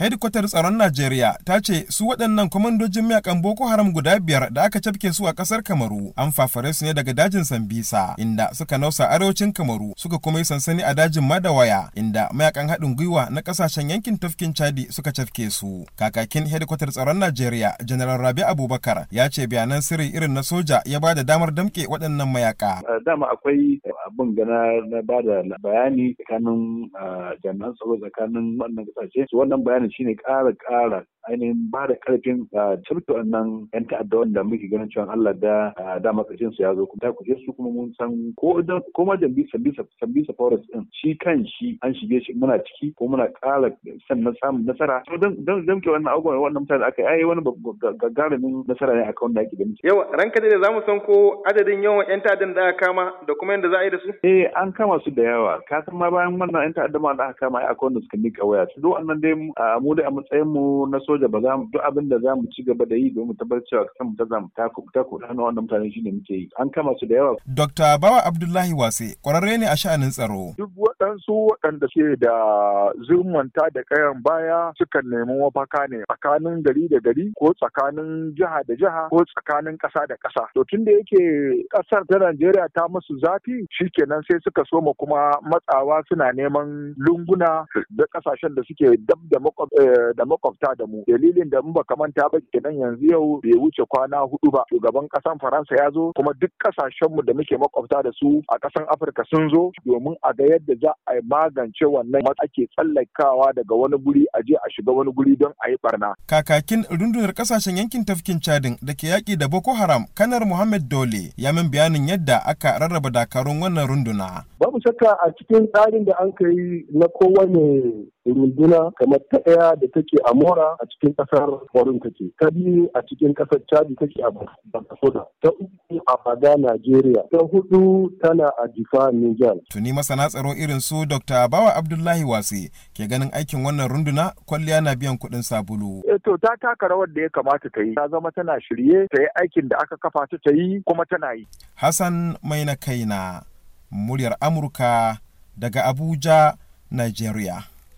hedikwatar tsaron najeriya ta ce su waɗannan kwamandojin mayakan boko haram guda biyar da aka cafke su a ƙasar kamaru an fafare su ne daga dajin sambisa inda suka nausa arewacin kamaru suka kuma yi sansani a dajin madawaya inda mayakan haɗin gwiwa na ƙasashen yankin tafkin chadi suka cafke su kakakin hedikwatar tsaron najeriya general rabi abubakar ya ce bayanan sirri irin na soja ya ba da damar damƙe waɗannan mayaka. dama akwai abin gana na ba da bayani tsakanin jami'an tsaro tsakanin wannan ƙasashe wannan bayani shine ƙara ƙara ainihin ba da karfin ah, cirki wannan yan ta'adda wanda muke ganin cewa Allah da dama ƙarshen su ya zo kuma kuje su kuma mun san ko da ko ma jambi sabisa sabisa forest din shi kan shi an shige shi muna ciki ko muna san na samun nasara to dan dan dan ke wannan abubuwan wannan mutane aka yi wani gagarumin nasara ne akan wanda ake ganin yawa ranka da zamu san ko adadin yawan yan ta'addan da aka kama da kuma yanda za a yi da su eh an kama su da yawa ka san ma bayan wannan yan ta'addan da aka kama ai akwai wanda suka nika waya su do wannan dai ah, mu dai a matsayin mu na soja da ba za duk abin da za mu ci gaba da yi domin tabbatar cewa kan mu ta zamu ta ku na wannan mutane shine muke yi an kama su da yawa Dr. Bawa Abdullahi Wase kwararre ne a sha'anin tsaro duk waɗansu waɗanda ke da zurmanta da ƙayan baya sukan nemi mafaka ne tsakanin gari da gari ko tsakanin jiha da jiha ko tsakanin ƙasa da ƙasa to tun da yake ƙasar ta Najeriya ta musu zafi shi kenan sai suka soma kuma matsawa suna neman lunguna da ƙasashen da suke dab da eh, makwabta da mu dalilin da in baka manta ba kenan yanzu yau bai wuce kwana hudu ba shugaban ƙasan Faransa ya zo kuma duk ƙasashenmu da muke makwabta da su a ƙasan Afirka sun zo domin a ga yadda za za a magance wannan ake tsallakawa daga wani guri a je a shiga wani guri don a yi barna. Kakakin rundunar kasashen yankin tafkin Chadin da ke yaƙi da Boko Haram kanar Muhammad Dole ya min bayanin yadda aka rarraba dakarun wannan runduna. Babu shakka a cikin tsarin da an kai na kowane runduna kamar ta ɗaya da take a Mora a cikin ƙasar Warin take, ta a cikin ƙasar Chadi take a Bakasoda, ta a Abada, Najeriya. Ta hudu tana a Jifa, Nijar. Tuni masana tsaro irin su Dr. Bawa Abdullahi Wase ke ganin aikin wannan runduna kwalliya na biyan kuɗin sabulu. E to ta taka rawar da ya kamata ta yi. Ta zama tana shirye ta yi aikin da aka kafa ta ta yi kuma tana yi. Hassan mai na kai na muryar Amurka daga Abuja, Najeriya.